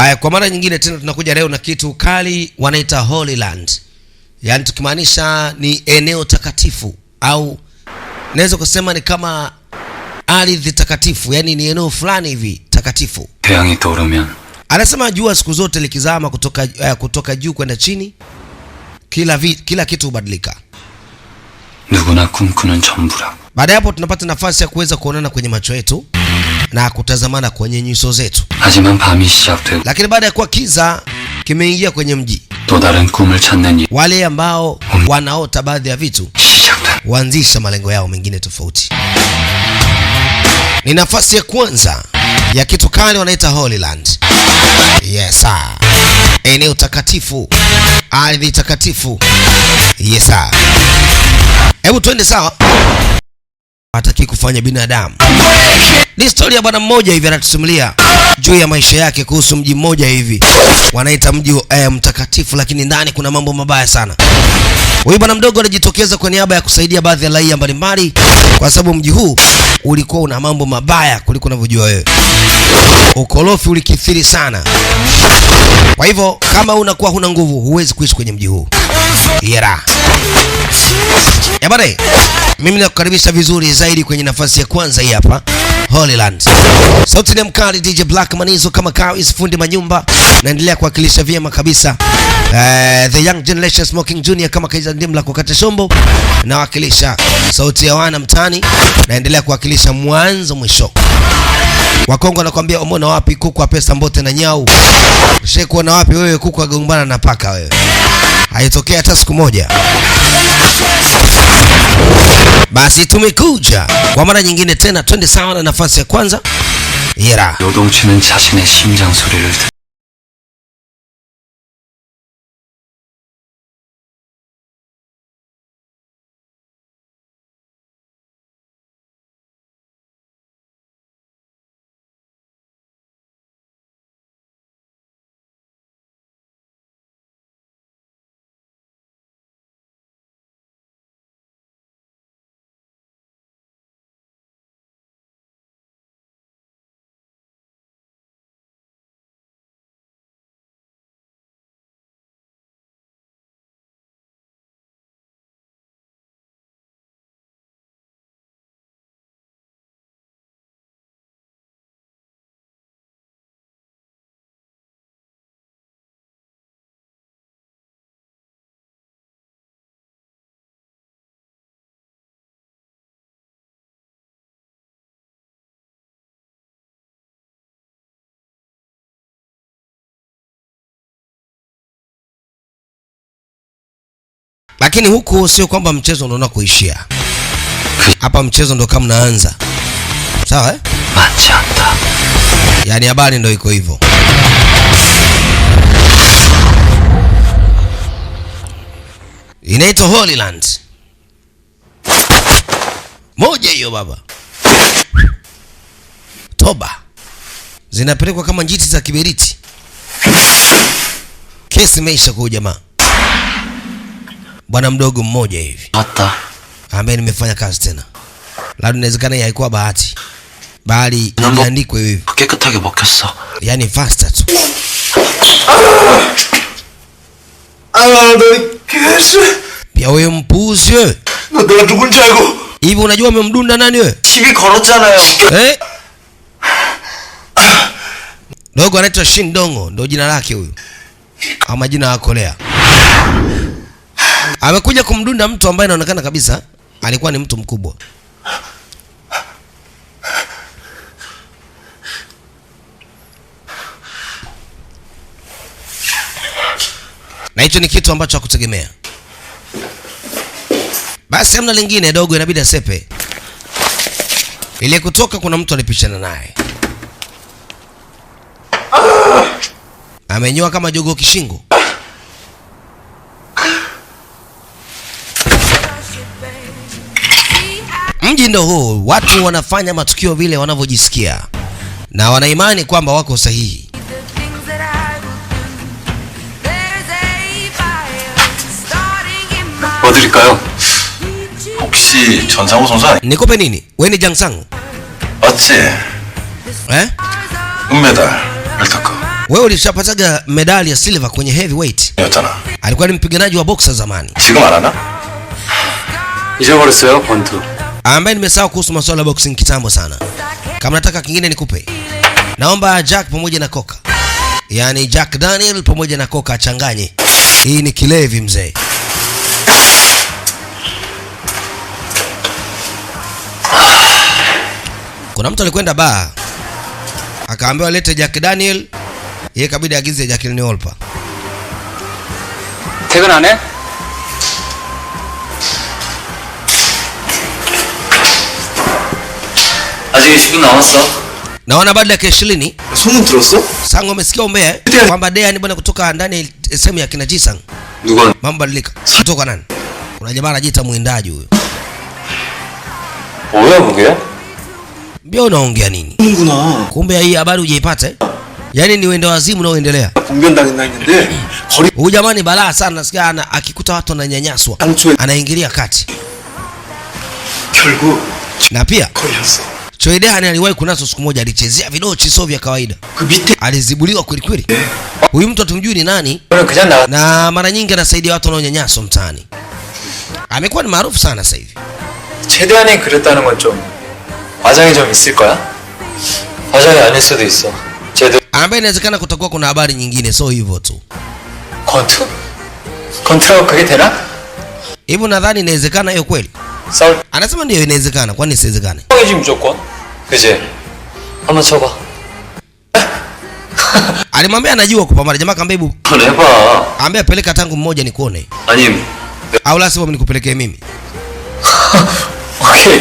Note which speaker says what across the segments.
Speaker 1: Haya, kwa mara nyingine tena tunakuja leo na kitu kali wanaita Holy Land, yaani tukimaanisha ni eneo takatifu, au naweza kusema ni kama ardhi takatifu, yaani ni eneo fulani hivi takatifu. Anasema jua siku zote likizama kutoka, uh, kutoka juu kwenda chini, kila, vi, kila kitu hubadilika. Baada ya hapo tunapata nafasi ya kuweza kuonana kwenye macho yetu na kutazamana kwenye nyuso zetu, lakini baada ya kuwa kiza kimeingia kwenye mji, wale ambao wanaota baadhi ya vitu waanzisha malengo yao mengine tofauti. Ni nafasi ya kwanza ya kitu kale wanaita Holy Land. Yes Eneo takatifu, ardhi takatifu. Yes Hebu twende sawa hataki kufanya binadamu. Ni historia ya bwana mmoja hivi anatusimulia juu ya maisha yake kuhusu mji mmoja hivi wanaita mji eh, mtakatifu, lakini ndani kuna mambo mabaya sana. Huyu bwana mdogo anajitokeza kwa niaba ya kusaidia baadhi ya raia mbalimbali, kwa sababu mji huu ulikuwa una mambo mabaya kuliko unavyojua wewe. Ukorofi ulikithiri sana, kwa hivyo kama unakuwa huna nguvu, huwezi kuishi kwenye mji huu. Yera yabare, mimi nakukaribisha vizuri zaidi kwenye nafasi ya kwanza hii hapa Holyland. Sauti ni mkali DJ Black Manizo kama kawis fundi manyumba naendelea kuwakilisha vyema kabisa. Uh, the young generation smoking junior kama Kaiza Ndimla kukata shombo nawakilisha sauti ya wana mtani naendelea kuwakilisha mwanzo mwisho. Wakongo nakwambia umona wapi kuku pesa mbote na nyau. Shekuona wapi wewe kuku agombana na paka wewe. Haitokea hata siku moja. Basi tumekuja kwa mara nyingine tena, twende sawa na nafasi ya kwanza. Yera. Lakini huku sio kwamba mchezo unaona kuishia hapa, mchezo ndo kama unaanza. Sawa eh? yani habari ndo iko hivyo. Inaitwa Holy Land. Moja hiyo baba. Toba zinapelekwa kama njiti za kiberiti. Kesi imeisha kwa jamaa bwana mdogo mmoja hivi hata ambaye nimefanya kazi tena, labda inawezekana hii haikuwa bahati, bali imeandikwa hivi
Speaker 2: 깨끗하게 bokasa,
Speaker 1: yani fast tu. Pia wewe mpuzi wewe,
Speaker 2: 너 내가 누군지 알고
Speaker 1: hivi unajua umemdunda nani wewe?
Speaker 2: korotana ya
Speaker 1: 걸었잖아요. Eh? Dogo anaitwa Shindongo, ndio jina lake huyu, ama jina la Korea amekuja kumdunda mtu ambaye anaonekana kabisa alikuwa ni mtu mkubwa. Na hicho ni kitu ambacho hakutegemea. Basi hamna lingine, dogo inabidi asepe. Ile kutoka kuna mtu alipishana naye. Amenyoa kama jogo kishingo. Mji ndo huu, watu wanafanya matukio vile wanavyojisikia na wanaimani kwamba wako sahihi. Nikupe nini? Wewe ni Jangsangu? Eh? Wewe ulishapataga medali ya silver kwenye heavyweight. Alikuwa ni mpiganaji wa boxer zamani ambaye nimesahau kuhusu masuala ya boxing kitambo sana. Kama nataka kingine nikupe, naomba Jack pamoja na Koka, yaani Jack Daniel pamoja na Koka achanganye. Hii ni kilevi mzee. Kuna mtu alikwenda baa akaambiwa alete Jack Daniel, yeye kabidi agize Jack Daniel Olpa. na wana baada ya ishirini Sango amesikia umbea kwamba Dea ni bwana kutoka ndani ya sehemu ya kina Jisang. Mambo badilika. Kutoka nani? Kuna jamaa anajiita mwindaji huyo.
Speaker 2: Unaongea?
Speaker 1: Mbona unaongea nini? Mungu na. Kumbe hii habari hujaipata eh? Yaani ni wende wazimu na Kumbe
Speaker 2: unaoendelea.
Speaker 1: Huyu jamaa ni balaa sana, nasikia ana akikuta watu wananyanyaswa anaingilia kati na pia Koyansu. Choidani aliwahi kunaswa siku moja, alichezea vidochi sio vya kawaida, alizibuliwa kweli kweli. Huyu mtu atumjui ni nani, na mara nyingi anasaidia watu wanaonyanyaswa mtaani. Amekuwa ni maarufu sana sasa hivi.
Speaker 2: Choidani 그랬다는 건좀 과장이 좀 있을 거야? 과장이 아닐 수도 있어.
Speaker 1: Ambaye inawezekana kutakuwa kuna habari nyingine, sio hivyo tu.
Speaker 2: Kontu? Kontu kage tena?
Speaker 1: Hivyo nadhani inawezekana hiyo kweli. Anasema ndio inawezekana, kwani isiwezekane?
Speaker 2: 그지? 한번 쳐봐.
Speaker 1: Alimwambia anajua kupambana. Jamaa kaambia hebu 해봐. Ambia apeleka tangu mmoja ni nikuone. 아님. Au la sivyo nikupelekee mimi.
Speaker 2: Okay.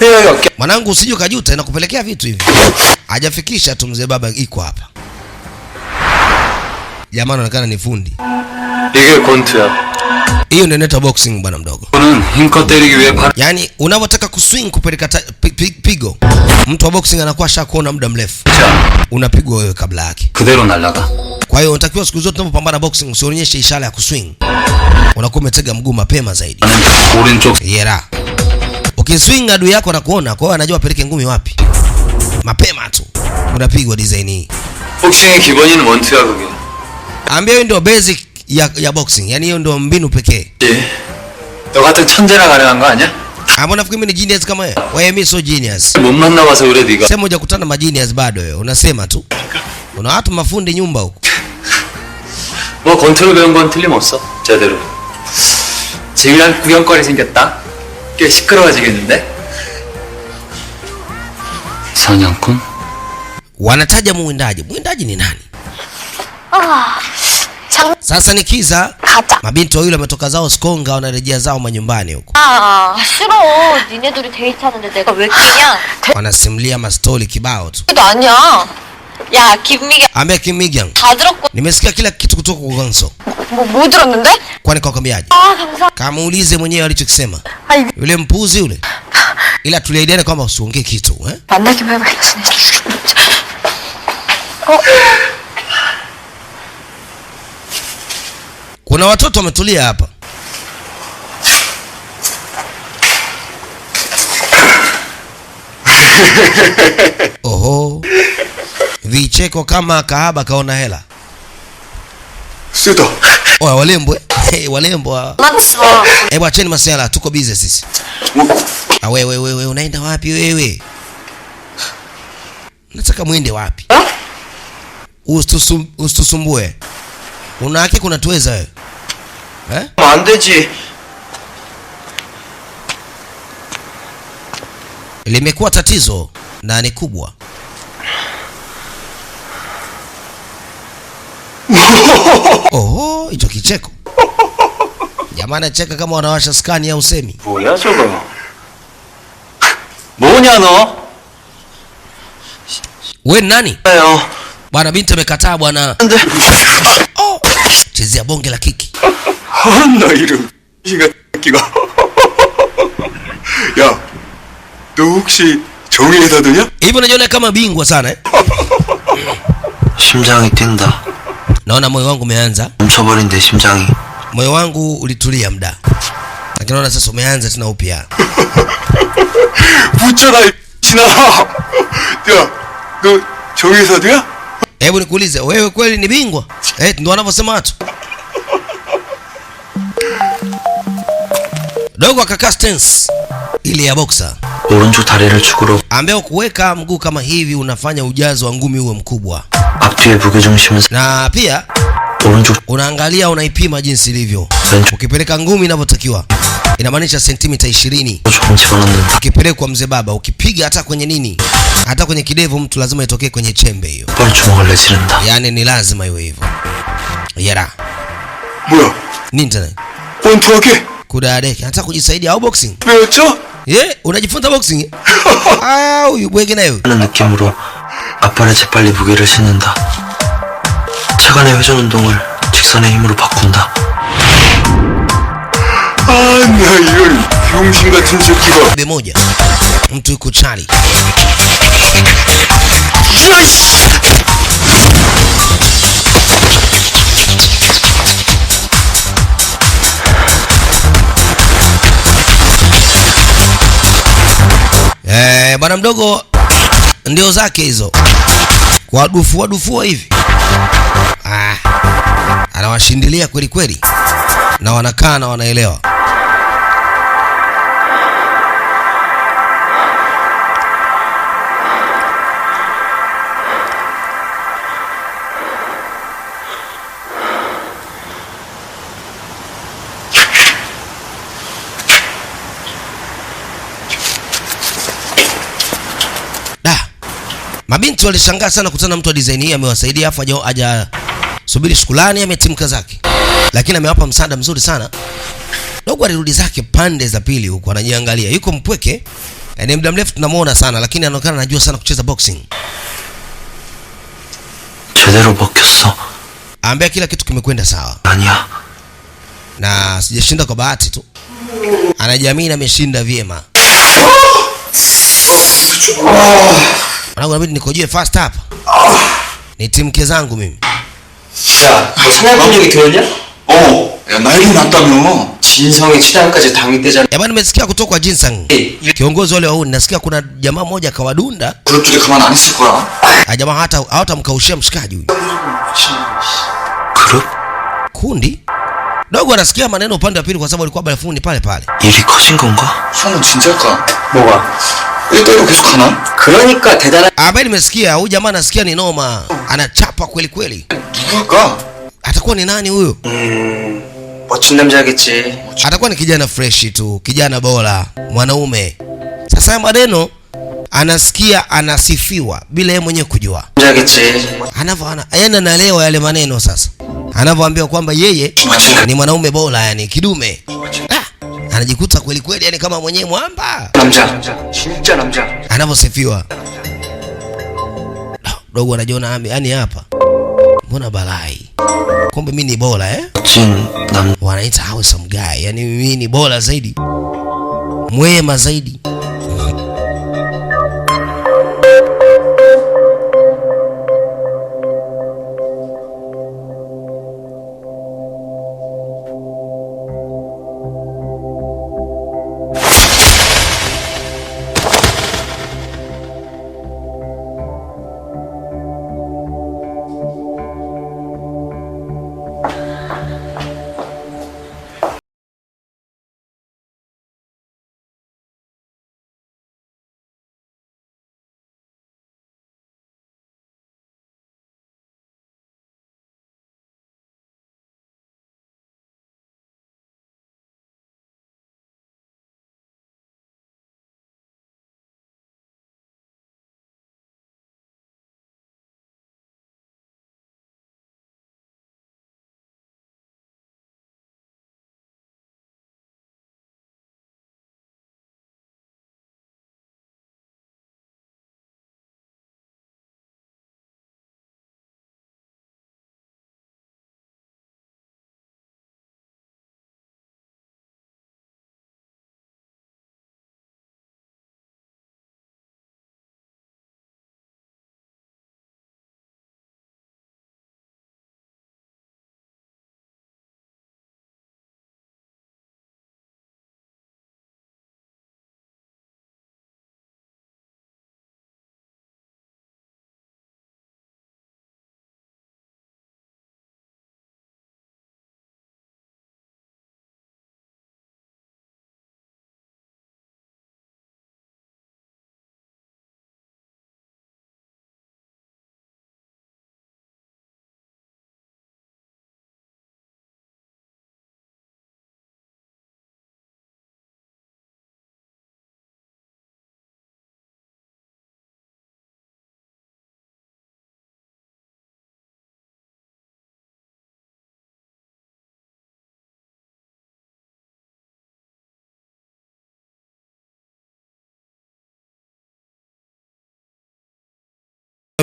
Speaker 2: Wewe okay.
Speaker 1: Mwanangu usije ukajuta nakupelekea vitu hivi. Hajafikisha tu mzee baba iko hapa. Jamaa anaonekana ni fundi.
Speaker 2: Iwe kontu ya.
Speaker 1: Hiyo ndio inaitwa boxing bwana mdogo. Mm, yaani unapotaka kuswing kupeleka pigo, mtu wa boxing anakuwa shakuona muda mrefu, unapigwa wewe kabla yake. Kwa hiyo unatakiwa siku zote unapopambana boxing usionyeshe ishara ya kuswing, unakuwa umetega mguu mapema zaidi. Mm, Yera. Ukiswing adui yako anakuona, kwa hiyo anajua apeleke ngumi wapi, mapema tu unapigwa design hii.
Speaker 2: Boxing mwanzo
Speaker 1: ambia ndio basic ya, ya boxing. Yaani hiyo ndio mbinu pekee.
Speaker 2: Yeah. 너 같은 천재라 가능한 거
Speaker 1: Hapo nafikiri mimi ni genius kama wewe. Wewe mimi sio genius.
Speaker 2: 못 wasa 그래 네가.
Speaker 1: Sema hujakutana na genius bado wewe. Unasema tu. Kuna watu mafundi nyumba huko.
Speaker 2: 뭐 권투를 배운 건 틀림없어. 제대로. 재미난 구경거리 생겼다. 꽤 시끄러워지겠는데? 사냥꾼?
Speaker 1: Wanataja muwindaji. Muwindaji ni nani? Ah. Sasa nikiza hata. Mabinti wa yule wametoka zao Sikonga wanarejea zao manyumbani huko.
Speaker 3: Ah, 싫어. 니네 둘이 데이트하는데 내가 왜 끼냐?
Speaker 1: Wanasimulia mastori kibao tu.
Speaker 3: 그거 아니야. 야, 김미경.
Speaker 1: Ame Kimmigyang. 다 들었고. Nimesikia kila kitu kutoka kwa Gonzo.
Speaker 3: 뭐, 뭐 들었는데?
Speaker 1: Kwani kwa kambiaje?
Speaker 3: 아, 감사.
Speaker 1: Kamuulize mwenyewe alichokisema. 아이, Yule mpuzi yule. Ila tuliahidiana kwamba usiongee kitu, eh?
Speaker 3: 만나기만 해. 어.
Speaker 1: Kuna watoto wametulia hapa. Oho, vicheko kama kahaba kaona hela. Sito. Oa, walembwe eh, hey, walembwa
Speaker 3: ah.
Speaker 1: hebu acheni masuala, tuko busy sisi. Wewe ah, wewe wewe unaenda wapi wewe? Nataka mwende wapi? huh? Usitusumbue. Una haki, kunatuweza wewe 에?
Speaker 2: 안 되지.
Speaker 1: limekuwa tatizo na ni kubwa. Oho, hicho kicheko jamani, acheka kama wanawasha skani au usemi.
Speaker 2: Boya chogo bonya no
Speaker 1: we nani bwana? Binti amekataa bwana. Oh, chezea bonge la kiki.
Speaker 2: 한나 이름 이가 끼가 야너 혹시 정의회사더냐?
Speaker 1: 이분은 yule kama bingwa sana eh?
Speaker 2: 심장이 뛴다.
Speaker 1: naona moyo wangu umeanza
Speaker 2: 훔쳐버린 내 심장이
Speaker 1: moyo wangu ulitulia mda lakini naona sasa umeanza tena upya
Speaker 2: 붙여라 이 진아 야너 정의회사더냐?
Speaker 1: hebu nikuulize wewe kweli ni bingwa eh, ndo wanavyosema watu dogo akakaa stance ile ya boxer
Speaker 2: 오른쪽 tarehe 축으로
Speaker 1: ambaye kuweka mguu kama hivi unafanya ujazo wa ngumi uwe mkubwa
Speaker 2: 앞뒤의 무게중심은
Speaker 1: na pia 오른쪽 unaangalia unaipima jinsi ilivyo ukipeleka ngumi inavyotakiwa inamaanisha sentimita 20
Speaker 2: ukipeleka kwa
Speaker 1: ukipelekwa mzee baba ukipiga hata kwenye nini hata kwenye kidevu mtu lazima itokee kwenye chembe hiyo yani ni lazima iwe hivyo yara
Speaker 2: 뭐야 wake okay.
Speaker 1: kudadeki, anataka kujisaidia au boxing? Mmecho? Yeah, unajifunza boxing? Ah, huyu bwege na huyu.
Speaker 2: 하는 느낌으로 앞발에 재빨리 무게를 싣는다. 체간의 회전 운동을 직선의 힘으로 바꾼다. 아나 이런 병신 같은 새끼가.
Speaker 1: 네 모자. mtu yuko chali. Bwana mdogo ndio zake hizo, wadufua dufua hivi ah, anawashindilia kweli kweli, na wanakaa na wanaelewa. Mabinti walishangaa sana kutana mtu wa design hii amewasaidia afu aja aja subiri shukulani fulani ametimka zake. Lakini amewapa msaada mzuri sana. Dogo alirudi zake pande za pili huko anajiangalia. Yuko mpweke. ni muda mrefu tunamuona sana lakini anaonekana anajua sana kucheza boxing.
Speaker 2: Chedero bakyosa.
Speaker 1: Ambia kila kitu kimekwenda sawa. Anya. Na sijashinda kwa bahati tu. Anajiamini ameshinda vyema. Oh. Mwanangu inabidi nikojoe fast hapa. Nitimke zangu mimi.
Speaker 2: 야, ah, oh,
Speaker 1: eh, nimesikia kutoka kwa Jinsang. Eh. Kiongozi wale wao nasikia kuna jamaa mmoja kawadunda.
Speaker 2: 그럴
Speaker 1: ah, jamaa hata hawatamkaushia mshikaji huyu. Kundi dogo anasikia maneno upande wa pili kwa sababu alikuwa bafuni pale pale.
Speaker 2: 일이 커진 건가? 성우 진짜일까? 그러니까
Speaker 1: 대단한 ambaye nimesikia huyu jamaa anasikia ni noma, anachapa kweli kweli. 누굴까? Atakuwa ni nani huyo?
Speaker 2: 음, 멋진 남자겠지.
Speaker 1: Atakuwa ni kijana fresh tu, kijana bora, mwanaume. Sasa maneno anasikia anasifiwa bila yeye mwenyewe kujua, anavyoana yaani, anaelewa yale maneno sasa, anavyoambiwa kwamba yeye ni mwanaume bora, yani kidume anajikuta kweli kweli, yani kama mwenyewe mwamba anavyosifiwa dogo, anajiona yani hapa mbona balai, kumbe mimi ni bora eh? Wanaita handsome guy, yani mimi ni bora zaidi, mwema zaidi.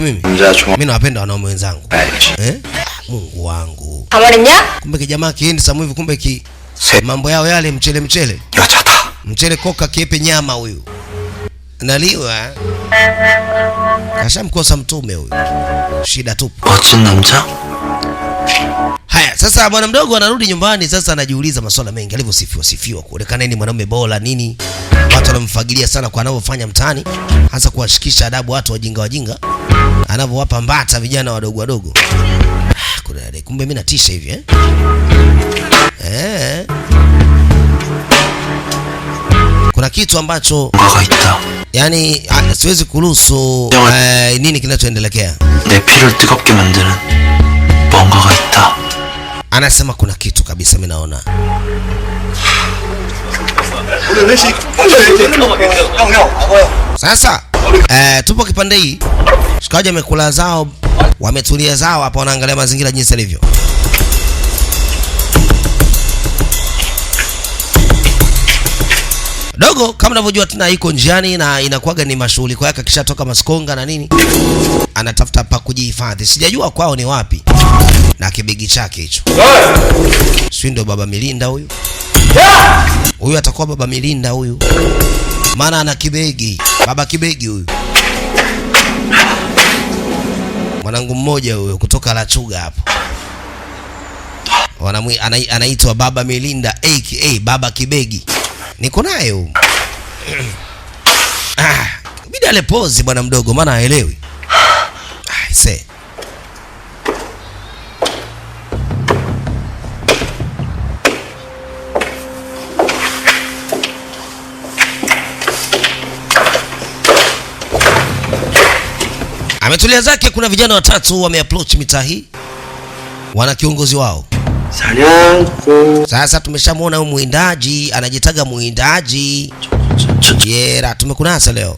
Speaker 1: Mimi mimi nawapenda wanaume wenzangu eh? Mungu wangu, kumbe kijamaa kiendi samu hivi, kumbe ki mambo yao yale mchele mchele mchele koka kiepe nyama, huyu naliwa kashamkosa eh? mtume huyu, shida tupu. Haya sasa, bwana mdogo anarudi nyumbani sasa, anajiuliza maswala mengi alivyosifiwa sifiwa kule, kaneni mwanaume bora nini watu wanamfagilia sana kwa anavyofanya mtaani, hasa kuwashikisha adabu watu wajinga wajinga, anavyowapa mbata vijana wadogo wadogo. Ah, kuna dada, kumbe mimi natisha hivi eh? Eh. Kuna kitu ambacho yani siwezi kuruhusu eh, nini kinachoendelekea. Anasema kuna kitu kabisa, mimi naona sasa eh, tupo kipande hii, shikaji amekula zao, wametulia zao hapa, wanaangalia mazingira jinsi yalivyo. Dogo kama unavyojua tena iko njiani na inakuwaga ni kwa yake, akishatoka maskonga na nini, anatafuta pa kujihifadhi. Sijajua kwao ni wapi, na kibigi chake hicho, si ndio baba Milinda huyu Ah! Huyu atakuwa baba Milinda huyu, maana ana kibegi, baba kibegi huyu. Mwanangu mmoja huyo kutoka Lachuga hapo anaitwa baba Milinda aka baba kibegi, niko naye huyu. Ah, bidale pozi bwana mdogo, maana haelewi. Ah, ametulia zake. Kuna vijana watatu wameapproach mitaa hii, wana kiongozi wao. Sasa tumeshamwona huyu mwindaji anajitaga mwindaji Yera, tumekunasa leo.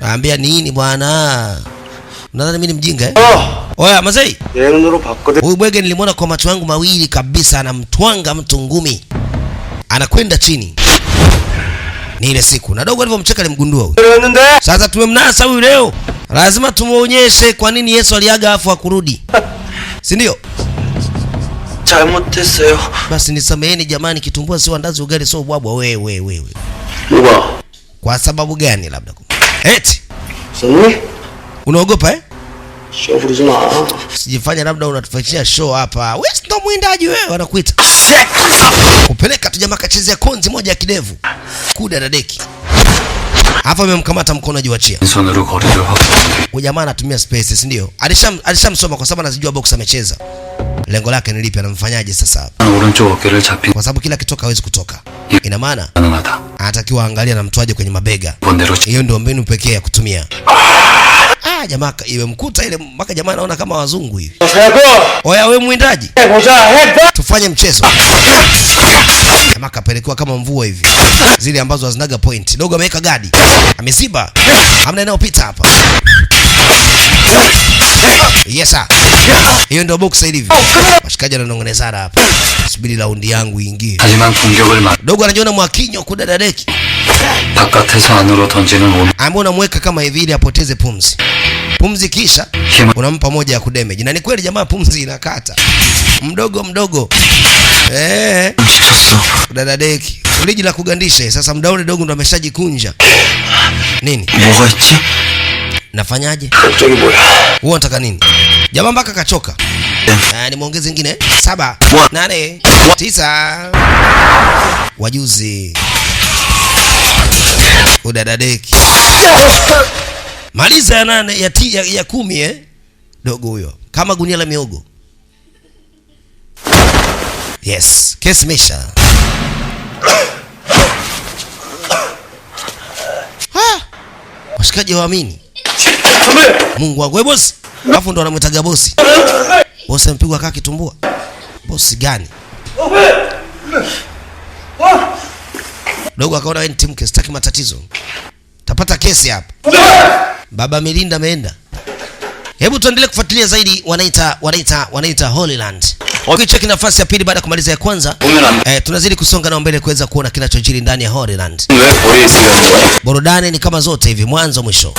Speaker 1: Naambia nini bwana? Nadhani mimi ni mjinga eh? Oh. Oya mazei. Huyu bwege nilimwona kwa macho yangu mawili kabisa anamtwanga mtu ngumi. Anakwenda chini. Ni ile siku. Na dogo alivyomcheka alimgundua huyu. Sasa tumemnasa huyu leo lazima tumuonyeshe kwa nini Yesu aliaga afu akurudi, si ndio? Basi nisameheni jamani, kitumbua sio andazi, ugali sio ubwabwa. Wewe wewe, kwa sababu gani? Labda eti unaogopa eh?
Speaker 2: Show nzima.
Speaker 1: Sijifanya labda unatufanyia show hapa. Wewe ndo mwindaji wewe wanakuita. Kupeleka tu jamaa kachezea konzi moja ya kidevu. Kuda na deki. hapa amemkamata mkono ajiwachia. Huyu jamaa anatumia space, si ndio? Alisham alishamsoma kwa sababu anazijua box amecheza. Lengo lake ni lipi? Anamfanyaje sasa? Kwa sababu kila kitoka hawezi kutoka. Ina maana anatakiwa angalia na anamtwaje kwenye mabega. Hiyo ndio mbinu pekee ya kutumia jamaa imemkuta ile mpaka jamaa anaona kama wazungu hivi.
Speaker 2: Oya we mwindaji, eh,
Speaker 1: tufanye mchezo. Jamaa kapelekewa kama mvua hivi zile ambazo hazinaga point. Dogo ameweka gadi, ameziba, hamna inayopita hapa. Yes sir. Hiyo ndio box ilivyo. Washikaji wananongonezana hapa. Subiri raundi yangu iingie. Dogo anajiona mwakinyo kudadadeki. Ambaye unamweka kama hivi ili apoteze pumzi. Pumzi kisha unampa moja ya kudamage. Na ni kweli jamaa pumzi inakata. Mdogo mdogo. Eh. Kudadadeki. Uliji la kugandisha. Sasa mdaone dogo ndo ameshajikunja. Nini? Mwachi nafanyaje? Wewe nataka nini? Jamaa mpaka kachoka. Eh, ah, ni muongeze ingine saba, nane, tisa. Wajuzi udadadeki maliza ya nane ya, ti, ya, ya kumi eh, dogo huyo kama gunia la miogo. Yes, kesi mesha washikaji waamini Mungu wangu wewe bosi. Alafu ndo anamwitaga bosi. Bosi mpigwa kaka kitumbua. Bosi gani? Dogo akaona wewe ni timu sitaki matatizo. Tapata kesi hapa. Baba Milinda ameenda. Hebu tuendelee kufuatilia zaidi wanaita wanaita wanaita Holyland. Ukicheki nafasi ya pili baada ya kumaliza ya kwanza eh, tunazidi kusonga nao mbele kuweza kuona kinachojiri ndani ya Holyland. Burudani ni kama zote hivi, mwanzo mwisho.